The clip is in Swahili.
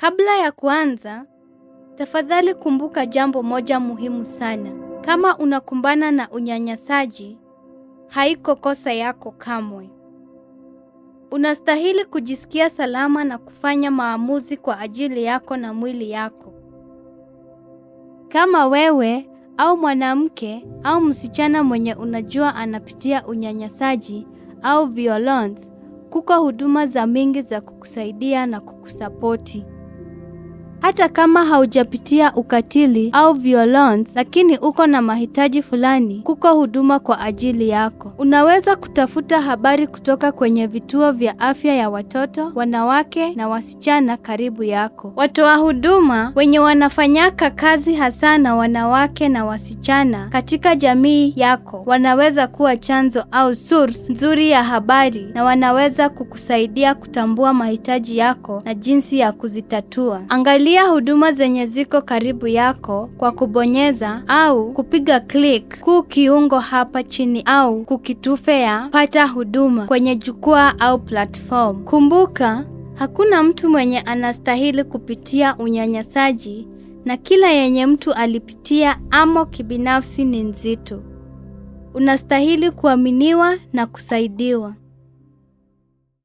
Kabla ya kuanza, tafadhali kumbuka jambo moja muhimu sana. Kama unakumbana na unyanyasaji, haiko kosa yako kamwe. Unastahili kujisikia salama na kufanya maamuzi kwa ajili yako na mwili yako. Kama wewe au mwanamke au msichana mwenye unajua anapitia unyanyasaji au violence, kuko huduma za mingi za kukusaidia na kukusapoti. Hata kama haujapitia ukatili au violence, lakini uko na mahitaji fulani, kuko huduma kwa ajili yako. Unaweza kutafuta habari kutoka kwenye vituo vya afya ya watoto, wanawake na wasichana karibu yako. Watoa huduma wenye wanafanyaka kazi hasa na wanawake na wasichana katika jamii yako wanaweza kuwa chanzo au source nzuri ya habari na wanaweza kukusaidia kutambua mahitaji yako na jinsi ya kuzitatua. Angalia Angalia huduma zenye ziko karibu yako kwa kubonyeza au kupiga click ku kiungo hapa chini au kukitufea pata huduma kwenye jukwaa au platform. Kumbuka, hakuna mtu mwenye anastahili kupitia unyanyasaji na kila yenye mtu alipitia amo kibinafsi ni nzito. Unastahili kuaminiwa na kusaidiwa.